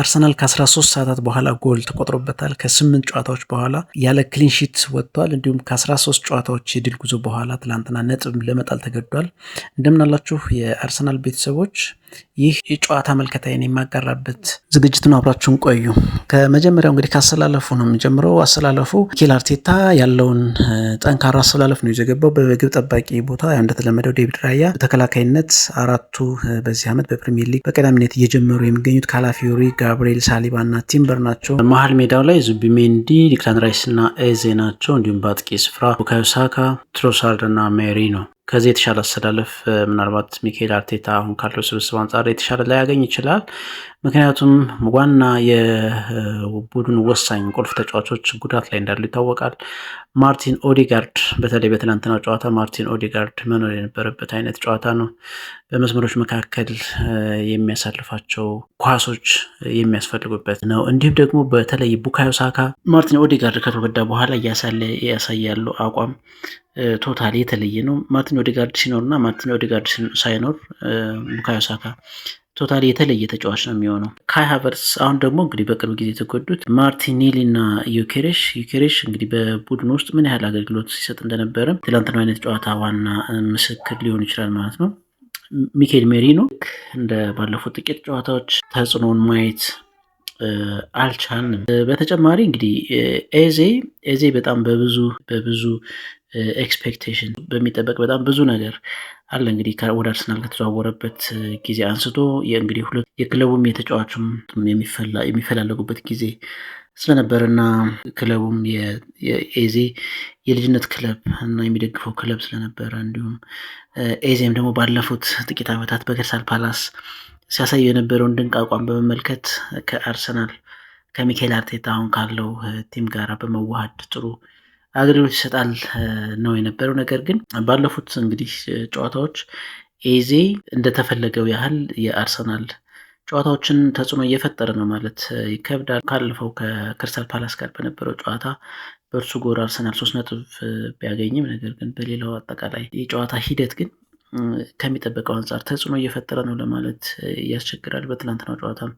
አርሰናል ከ13 ሰዓታት በኋላ ጎል ተቆጥሮበታል። ከስምንት ጨዋታዎች በኋላ ያለ ክሊንሺት ወጥቷል። እንዲሁም ከ13 ጨዋታዎች የድል ጉዞ በኋላ ትላንትና ነጥብ ለመጣል ተገዷል። እንደምናላችሁ የአርሰናል ቤተሰቦች ይህ የጨዋታ መልከታዬን የማጋራበት ዝግጅት ነው። አብራችሁን ቆዩ። ከመጀመሪያው እንግዲህ ካሰላለፉ ነው የምንጀምረው። አሰላለፉ ሚኬል አርቴታ ያለውን ጠንካራ አሰላለፍ ነው የዘገባው። በግብ ጠባቂ ቦታ ያው እንደተለመደው ዴቪድ ራያ፣ በተከላካይነት አራቱ በዚህ ዓመት በፕሪሚየር ሊግ በቀዳሚነት እየጀመሩ የሚገኙት ካላፊዮሪ፣ ጋብርኤል ሳሊባ እና ቲምበር ናቸው። መሀል ሜዳው ላይ ዙቢሜንዲ፣ ዲክላን ራይስ እና ኤዜ ናቸው። እንዲሁም በአጥቂ ስፍራ ቡካዮ ሳካ፣ ትሮሳርድ እና ሜሪ ነው። ከዚህ የተሻለ አሰላለፍ ምናልባት ሚካኤል አርቴታ አሁን ካለው ስብስብ አንጻር የተሻለ ላያገኝ ይችላል። ምክንያቱም ዋና የቡድን ወሳኝ ቁልፍ ተጫዋቾች ጉዳት ላይ እንዳሉ ይታወቃል። ማርቲን ኦዲጋርድ በተለይ በትናንትናው ጨዋታ ማርቲን ኦዲጋርድ መኖር የነበረበት አይነት ጨዋታ ነው። በመስመሮች መካከል የሚያሳልፋቸው ኳሶች የሚያስፈልጉበት ነው። እንዲሁም ደግሞ በተለይ ቡካዮ ሳካ ማርቲን ኦዲጋርድ ከተጎዳ በኋላ እያሳየ አቋም ቶታሊ የተለየ ነው። ማርቲን ኦዴጋርድ ሲኖር እና ማርቲን ኦዴጋርድ ሳይኖር ቡካዮ ሳካ ቶታሊ የተለየ ተጫዋች ነው የሚሆነው። ካይ ሃቨርስ አሁን ደግሞ እንግዲህ በቅርብ ጊዜ የተጎዱት ማርቲኔሊ እና ዩኬሬሽ። ዩኬሬሽ እንግዲህ በቡድን ውስጥ ምን ያህል አገልግሎት ሲሰጥ እንደነበረ ትላንትና አይነት ጨዋታ ዋና ምስክር ሊሆን ይችላል ማለት ነው። ሚኬል ሜሪኖ እንደ ባለፉት ጥቂት ጨዋታዎች ተጽዕኖውን ማየት አልቻንም። በተጨማሪ እንግዲህ ኤዜ ኤዜ በጣም በብዙ በብዙ ኤክስፔክቴሽን በሚጠበቅ በጣም ብዙ ነገር አለ። እንግዲህ ወደ አርሰናል ከተዘዋወረበት ጊዜ አንስቶ እንግዲህ ሁለት የክለቡም የተጫዋቹም የሚፈላለጉበት ጊዜ ስለነበር ክለቡም ኤዜ የልጅነት ክለብ እና የሚደግፈው ክለብ ስለነበረ እንዲሁም ኤዜም ደግሞ ባለፉት ጥቂት ዓመታት በክሪስታል ፓላስ ሲያሳይ የነበረውን ድንቅ አቋም በመመልከት ከአርሰናል ከሚካኤል አርቴታ አሁን ካለው ቲም ጋር በመዋሃድ ጥሩ አገልግሎት ይሰጣል ነው የነበረው። ነገር ግን ባለፉት እንግዲህ ጨዋታዎች ኤዜ እንደተፈለገው ያህል የአርሰናል ጨዋታዎችን ተጽዕኖ እየፈጠረ ነው ማለት ይከብዳል። ካለፈው ከክሪስታል ፓላስ ጋር በነበረው ጨዋታ በእርሱ ጎር አርሰናል ሶስት ነጥብ ቢያገኝም ነገር ግን በሌላው አጠቃላይ የጨዋታ ሂደት ግን ከሚጠበቀው አንጻር ተጽዕኖ እየፈጠረ ነው ለማለት ያስቸግራል። በትናንትናው ጨዋታም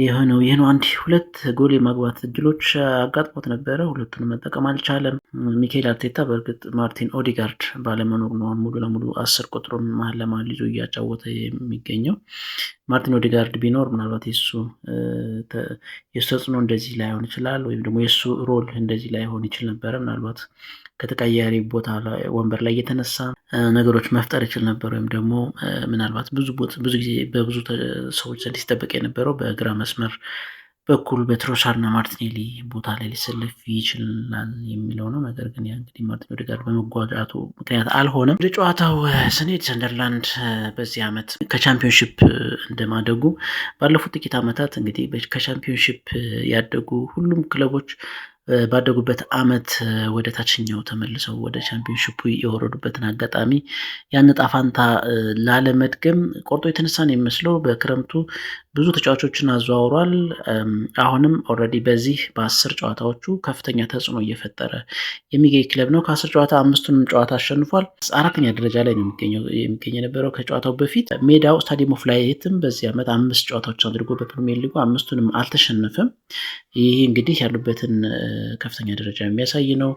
የሆነው ይህ ነው። አንድ ሁለት ጎል የማግባት እድሎች አጋጥሞት ነበረ፣ ሁለቱን መጠቀም አልቻለም። ሚካኤል አርቴታ በእርግጥ ማርቲን ኦዲጋርድ ባለመኖር ነው ሙሉ ለሙሉ አስር ቁጥሩን መሀል ለመሀል ይዞ እያጫወተ የሚገኘው። ማርቲን ኦዴጋርድ ቢኖር ምናልባት የሱ የሱ ተጽዕኖ እንደዚህ ላይሆን ይችላል፣ ወይም ደግሞ የሱ ሮል እንደዚህ ላይሆን ይችል ነበረ። ምናልባት ከተቀያሪ ቦታ ወንበር ላይ የተነሳ ነገሮች መፍጠር ይችል ነበር። ወይም ደግሞ ምናልባት ብዙ ብዙ ጊዜ በብዙ ሰዎች ዘንድ ሲጠበቅ የነበረው በግራ መስመር በኩል በትሮሻር እና ማርቲኔሊ ቦታ ላይ ሊሰለፍ ይችላል የሚለው ነው። ነገር ግን ያ እንግዲህ ማርቲን ኦዴጋርድ በመጓዳቱ ምክንያት አልሆነም። ወደ ጨዋታው ስንሄድ ሰንደርላንድ በዚህ ዓመት ከቻምፒዮንሽፕ እንደማደጉ ባለፉት ጥቂት ዓመታት እንግዲህ ከቻምፒዮንሽፕ ያደጉ ሁሉም ክለቦች ባደጉበት ዓመት ወደ ታችኛው ተመልሰው ወደ ቻምፒዮንሽፑ የወረዱበትን አጋጣሚ ያን ጣፋንታ ላለመድገም ቆርጦ የተነሳን የሚመስለው በክረምቱ ብዙ ተጫዋቾችን አዘዋውሯል። አሁንም ኦልሬዲ በዚህ በአስር ጨዋታዎቹ ከፍተኛ ተጽዕኖ እየፈጠረ የሚገኝ ክለብ ነው። ከአስር ጨዋታ አምስቱንም ጨዋታ አሸንፏል። አራተኛ ደረጃ ላይ ነው የሚገኝ የነበረው። ከጨዋታው በፊት ሜዳው ስታዲየም ኦፍ ላይትም በዚህ ዓመት አምስት ጨዋታዎች አድርጎ በፕሪሚየር ሊጉ አምስቱንም አልተሸነፈም። ይህ እንግዲህ ያሉበትን ከፍተኛ ደረጃ የሚያሳይ ነው።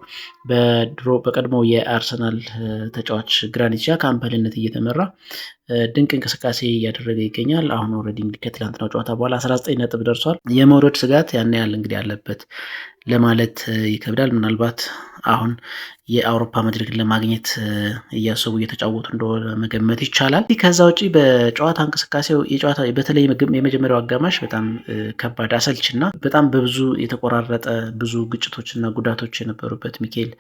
በድሮ በቀድሞ የአርሰናል ተጫዋች ግራኒት ዣካ እየተመራ ድንቅ እንቅስቃሴ እያደረገ ይገኛል። አሁን ኦልሬዲ እንግዲህ ከትላንትናው ጨዋታ በኋላ 19 ነጥብ ደርሷል። የመውረድ ስጋት ያን ያህል እንግዲህ አለበት ለማለት ይከብዳል ምናልባት አሁን የአውሮፓ መድረክን ለማግኘት እያሰቡ እየተጫወቱ እንደሆነ መገመት ይቻላል። ከዛ ውጭ በጨዋታ እንቅስቃሴው የጨዋታ በተለይ የመጀመሪያው አጋማሽ በጣም ከባድ አሰልችና በጣም በብዙ የተቆራረጠ ብዙ ግጭቶችና ጉዳቶች የነበሩበት ሚካኤል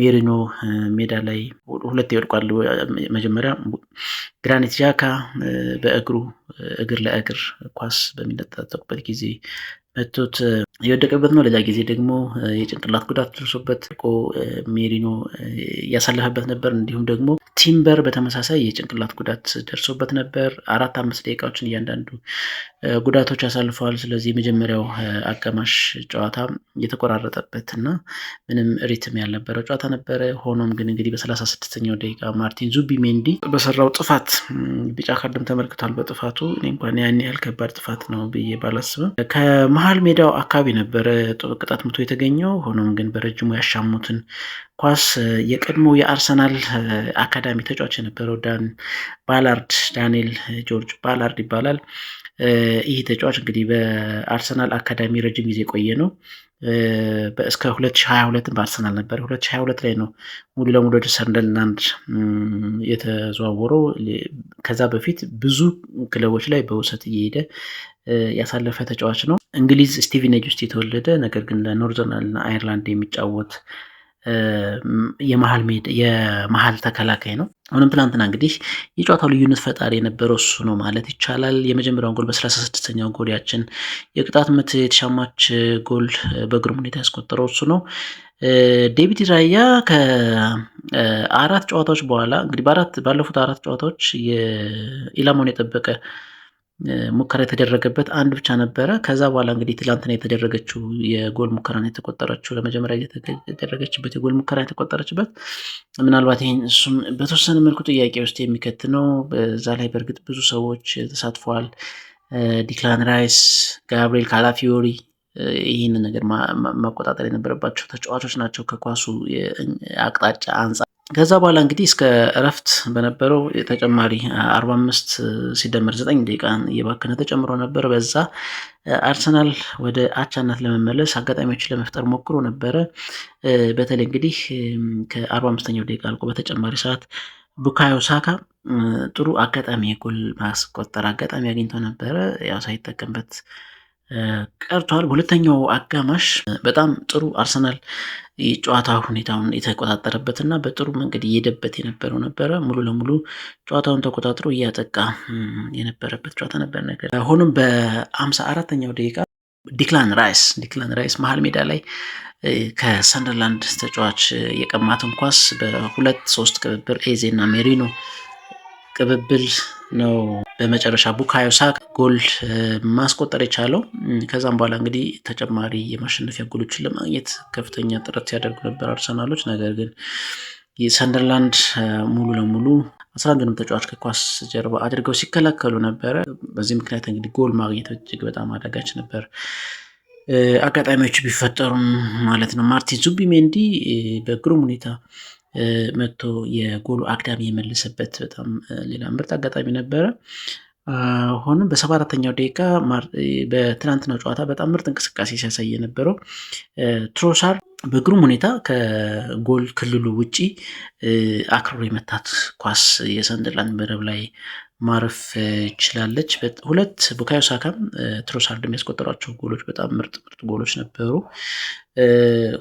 ሜሪኖ ሜዳ ላይ ሁለት ይወድቋል። መጀመሪያ ግራኒት ዣካ በእግሩ እግር ለእግር ኳስ በሚነጣጠቁበት ጊዜ መቶት የወደቀበት ነው። ለዛ ጊዜ ደግሞ የጭንቅላት ጉዳት ደርሶበት ሜሪኖ እያሳለፈበት ነበር። እንዲሁም ደግሞ ቲምበር በተመሳሳይ የጭንቅላት ጉዳት ደርሶበት ነበር። አራት አምስት ደቂቃዎችን እያንዳንዱ ጉዳቶች አሳልፈዋል። ስለዚህ የመጀመሪያው አጋማሽ ጨዋታ የተቆራረጠበት እና ምንም ሪትም ያልነበረው ጨዋታ ነበረ። ሆኖም ግን እንግዲህ በሰላሳ ስድስተኛው ደቂቃ ማርቲን ዙቢ ሜንዲ በሰራው ጥፋት ቢጫ ካርድም ተመልክቷል። በጥፋቱ እኔ እንኳን ያን ያህል ከባድ ጥፋት ነው ብዬ ባላስብም ከመሀል ሜዳው አካባቢ ነበረ ቅጣት ምቶ የተገኘው ሆኖም ግን በረጅሙ ያሻሙትን ኳስ የቀድሞ የአርሰናል አካዳሚ ቀዳሚ ተጫዋች የነበረው ዳን ባላርድ ዳንኤል ጆርጅ ባላርድ ይባላል። ይህ ተጫዋች እንግዲህ በአርሰናል አካዳሚ ረጅም ጊዜ ቆየ ነው። እስከ 2022 በአርሰናል ነበር። 2022 ላይ ነው ሙሉ ለሙሉ ወደ ሰንደርላንድ የተዘዋወረው። ከዛ በፊት ብዙ ክለቦች ላይ በውሰት እየሄደ ያሳለፈ ተጫዋች ነው። እንግሊዝ ስቲቪኔጅ ውስጥ የተወለደ ነገር ግን ለኖርዘርን አይርላንድ የሚጫወት የመሀል ሜዳ የመሀል ተከላካይ ነው። አሁንም ትናንትና እንግዲህ የጨዋታው ልዩነት ፈጣሪ የነበረው እሱ ነው ማለት ይቻላል። የመጀመሪያውን ጎል በሰላሳ ስድስተኛው ጎል ያችን የቅጣት ምት የተሻማች ጎል በግሩም ሁኔታ ያስቆጠረው እሱ ነው። ዴቪድ ራያ ከአራት ጨዋታዎች በኋላ እንግዲህ ባለፉት አራት ጨዋታዎች ኢላማውን የጠበቀ ሙከራ የተደረገበት አንድ ብቻ ነበረ። ከዛ በኋላ እንግዲህ ትላንትና የተደረገችው የጎል ሙከራ የተቆጠረችው ለመጀመሪያ የተደረገችበት የጎል ሙከራ የተቆጠረችበት ምናልባት ይህን እሱም በተወሰነ መልኩ ጥያቄ ውስጥ የሚከት ነው። በዛ ላይ በእርግጥ ብዙ ሰዎች ተሳትፈዋል። ዲክላን ራይስ፣ ጋብሪኤል ካላፊዮሪ ይህን ነገር ማቆጣጠር የነበረባቸው ተጫዋቾች ናቸው ከኳሱ አቅጣጫ አንጻር ከዛ በኋላ እንግዲህ እስከ እረፍት በነበረው ተጨማሪ 45 ሲደመር 9 ደቂቃን እየባከነ ተጨምሮ ነበር። በዛ አርሰናል ወደ አቻነት ለመመለስ አጋጣሚዎች ለመፍጠር ሞክሮ ነበረ። በተለይ እንግዲህ ከ45ኛው ደቂቃ አልቆ በተጨማሪ ሰዓት ቡካዮ ሳካ ጥሩ አጋጣሚ የጎል ማስቆጠር አጋጣሚ አግኝቶ ነበረ ያው ሳይጠቀምበት ቀርቷል። በሁለተኛው አጋማሽ በጣም ጥሩ አርሰናል የጨዋታ ሁኔታውን የተቆጣጠረበት እና በጥሩ መንገድ እየሄደበት የነበረው ነበረ። ሙሉ ለሙሉ ጨዋታውን ተቆጣጥሮ እያጠቃ የነበረበት ጨዋታ ነበር። ነገር ሆኖም በአምሳ አራተኛው ደቂቃ ዲክላን ራይስ ዲክላን ራይስ መሀል ሜዳ ላይ ከሰንደርላንድ ተጫዋች የቀማትን ኳስ በሁለት ሶስት ቅብብር ኤዜ እና ሜሪኖ ቅብብል ነው በመጨረሻ ቡካዮ ሳካ ጎል ማስቆጠር የቻለው። ከዛም በኋላ እንግዲህ ተጨማሪ የማሸነፊያ ጎሎችን ለማግኘት ከፍተኛ ጥረት ሲያደርጉ ነበር አርሰናሎች። ነገር ግን የሰንደርላንድ ሙሉ ለሙሉ አስራ አንዱንም ተጫዋች ከኳስ ጀርባ አድርገው ሲከላከሉ ነበረ። በዚህ ምክንያት እንግዲህ ጎል ማግኘት እጅግ በጣም አዳጋች ነበር። አጋጣሚዎች ቢፈጠሩም ማለት ነው። ማርቲን ዙቢሜንዲ በግሩም ሁኔታ መጥቶ የጎሉ አግዳሚ የመለሰበት በጣም ሌላ ምርጥ አጋጣሚ ነበረ። ሆኖም በሰባ አራተኛው ደቂቃ በትናንትናው ጨዋታ በጣም ምርጥ እንቅስቃሴ ሲያሳይ የነበረው ትሮሳር በግሩም ሁኔታ ከጎል ክልሉ ውጪ አክርሮ የመታት ኳስ የሰንደርላንድ መረብ ላይ ማረፍ ችላለች። ሁለት ቡካዮ ሳካም ትሮሳርድ የሚያስቆጠሯቸው ጎሎች በጣም ምርጥ ምርጥ ጎሎች ነበሩ።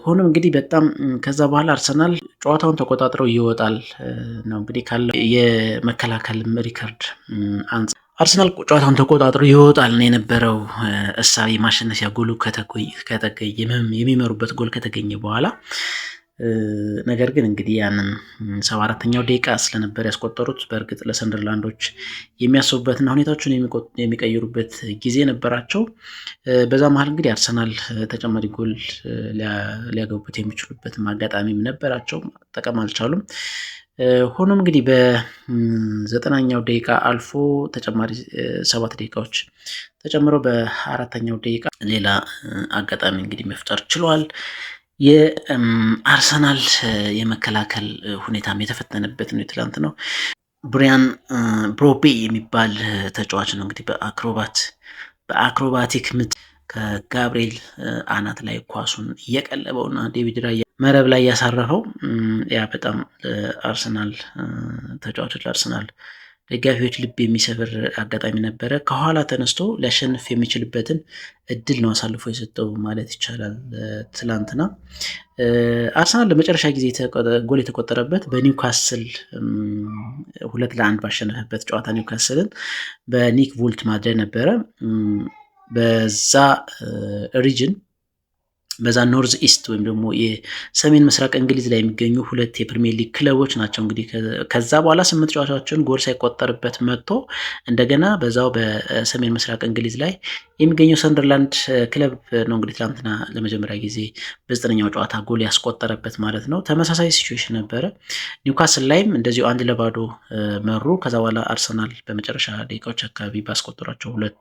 ሆኖም እንግዲህ በጣም ከዛ በኋላ አርሰናል ጨዋታውን ተቆጣጥረው ይወጣል ነው እንግዲህ ካለው የመከላከል ሪከርድ አንጻር አርሰናል ጨዋታውን ተቆጣጥሮ ይወጣል ነው የነበረው እሳቤ። ማሸነፊያ ጎሉ ከተገኘ የሚመሩበት ጎል ከተገኘ በኋላ ነገር ግን እንግዲህ ያንን ሰባ አራተኛው ደቂቃ ስለነበር ያስቆጠሩት በእርግጥ ለሰንደርላንዶች የሚያስቡበትና ሁኔታዎችን የሚቀይሩበት ጊዜ ነበራቸው። በዛ መሀል እንግዲህ አርሰናል ተጨማሪ ጎል ሊያገቡት የሚችሉበት አጋጣሚም ነበራቸው፣ ጠቀም አልቻሉም። ሆኖም እንግዲህ በዘጠናኛው ደቂቃ አልፎ ተጨማሪ ሰባት ደቂቃዎች ተጨምሮ በአራተኛው ደቂቃ ሌላ አጋጣሚ እንግዲህ መፍጠር ችሏል። የአርሰናል የመከላከል ሁኔታም የተፈተነበት ነው። የትላንት ነው። ብሪያን ብሮቤ የሚባል ተጫዋች ነው እንግዲህ በአክሮባት በአክሮባቲክ ምት ከጋብሪኤል አናት ላይ ኳሱን እየቀለበውና ዴቪድ ራያ መረብ ላይ ያሳረፈው ያ በጣም ለአርሰናል ተጫዋቾች ለአርሰናል ደጋፊዎች ልብ የሚሰብር አጋጣሚ ነበረ። ከኋላ ተነስቶ ሊያሸንፍ የሚችልበትን እድል ነው አሳልፎ የሰጠው ማለት ይቻላል። ትላንትና አርሰናል ለመጨረሻ ጊዜ ጎል የተቆጠረበት በኒውካስል ሁለት ለአንድ ባሸነፈበት ጨዋታ ኒውካስልን በኒክ ቮልት ማድረግ ነበረ በዛ ሪጅን በዛ ኖርዝ ኢስት ወይም ደግሞ የሰሜን ምስራቅ እንግሊዝ ላይ የሚገኙ ሁለት የፕሪሚየር ሊግ ክለቦች ናቸው። እንግዲህ ከዛ በኋላ ስምንት ጨዋታዎችን ጎል ሳይቆጠርበት መጥቶ እንደገና በዛው በሰሜን ምስራቅ እንግሊዝ ላይ የሚገኘው ሰንደርላንድ ክለብ ነው እንግዲህ ትላንትና ለመጀመሪያ ጊዜ በዘጠነኛው ጨዋታ ጎል ያስቆጠረበት ማለት ነው። ተመሳሳይ ሲቹዌሽን ነበረ። ኒውካስል ላይም እንደዚሁ አንድ ለባዶ መሩ። ከዛ በኋላ አርሰናል በመጨረሻ ደቂቃዎች አካባቢ ባስቆጠሯቸው ሁለት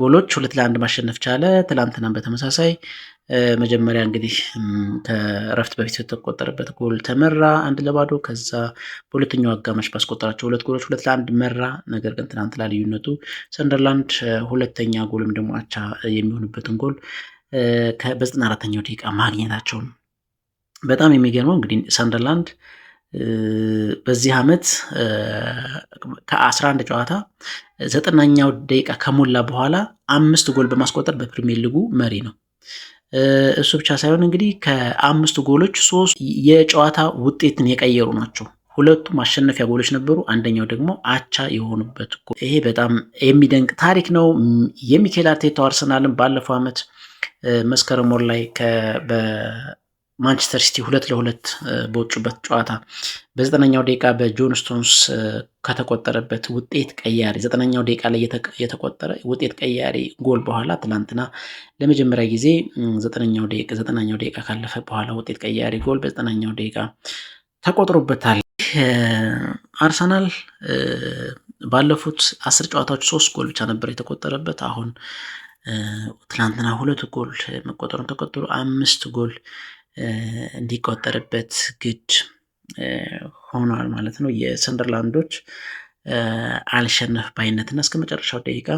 ጎሎች ሁለት ለአንድ ማሸነፍ ቻለ። ትላንትናም በተመሳሳይ መጀመሪያ እንግዲህ ከእረፍት በፊት ስተቆጠርበት ጎል ተመራ አንድ ለባዶ። ከዛ በሁለተኛው አጋማሽ ባስቆጠራቸው ሁለት ጎሎች ሁለት ለአንድ መራ። ነገር ግን ትናንት ልዩነቱ ሰንደርላንድ ሁለተኛ ጎልም ደግሞ አቻ የሚሆንበትን ጎል በዘጠና አራተኛው ደቂቃ ማግኘታቸው በጣም የሚገርመው እንግዲህ ሰንደርላንድ በዚህ ዓመት ከ11 ጨዋታ ዘጠናኛው ደቂቃ ከሞላ በኋላ አምስት ጎል በማስቆጠር በፕሪሚየር ሊጉ መሪ ነው። እሱ ብቻ ሳይሆን እንግዲህ ከአምስቱ ጎሎች ሶስት የጨዋታ ውጤትን የቀየሩ ናቸው። ሁለቱ ማሸነፊያ ጎሎች ነበሩ። አንደኛው ደግሞ አቻ የሆኑበት ይሄ በጣም የሚደንቅ ታሪክ ነው። የሚኬል አርቴታው አርሰናልን ባለፈው ዓመት መስከረም ወር ላይ ማንቸስተር ሲቲ ሁለት ለሁለት በወጩበት ጨዋታ በዘጠነኛው ደቂቃ በጆን ስቶንስ ከተቆጠረበት ውጤት ቀያሪ ዘጠነኛው ደቂቃ ላይ የተቆጠረ ውጤት ቀያሪ ጎል በኋላ ትናንትና ለመጀመሪያ ጊዜ ዘጠነኛው ደቂቃ ዘጠነኛው ደቂቃ ካለፈ በኋላ ውጤት ቀያሪ ጎል በዘጠነኛው ደቂቃ ተቆጥሮበታል። አርሰናል ባለፉት አስር ጨዋታዎች ሶስት ጎል ብቻ ነበር የተቆጠረበት አሁን ትላንትና ሁለት ጎል መቆጠሩን ተቆጥሮ አምስት ጎል እንዲቆጠርበት ግድ ሆኗል ማለት ነው። የሰንደርላንዶች አልሸነፍ ባይነትና እስከ መጨረሻው ደቂቃ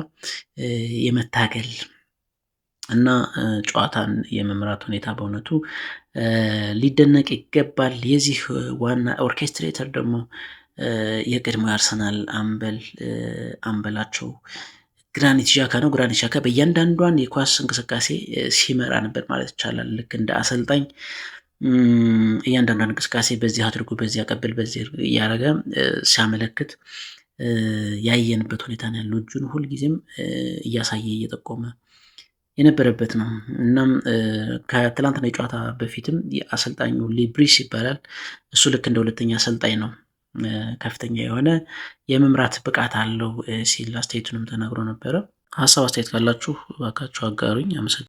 የመታገል እና ጨዋታን የመምራት ሁኔታ በእውነቱ ሊደነቅ ይገባል። የዚህ ዋና ኦርኬስትሬተር ደግሞ የቅድሞ አርሰናል አምበል አምበላቸው ግራኒት ዣካ ነው። ግራኒት ዣካ በእያንዳንዷን የኳስ እንቅስቃሴ ሲመራ ነበር ማለት ይቻላል። ልክ እንደ አሰልጣኝ እያንዳንዷን እንቅስቃሴ በዚህ አድርጎ በዚህ አቀብል፣ በዚህ እያረገ ሲያመለክት ያየንበት ሁኔታ ነው ያለው። እጁን ሁልጊዜም እያሳየ እየጠቆመ የነበረበት ነው። እናም ከትላንትና የጨዋታ በፊትም አሰልጣኙ ሌብሪስ ይባላል። እሱ ልክ እንደ ሁለተኛ አሰልጣኝ ነው። ከፍተኛ የሆነ የመምራት ብቃት አለው ሲል አስተያየቱንም ተናግሮ ነበረ። ሀሳብ አስተያየት ካላችሁ እባካችሁ አጋሩኝ። አመሰግናለሁ።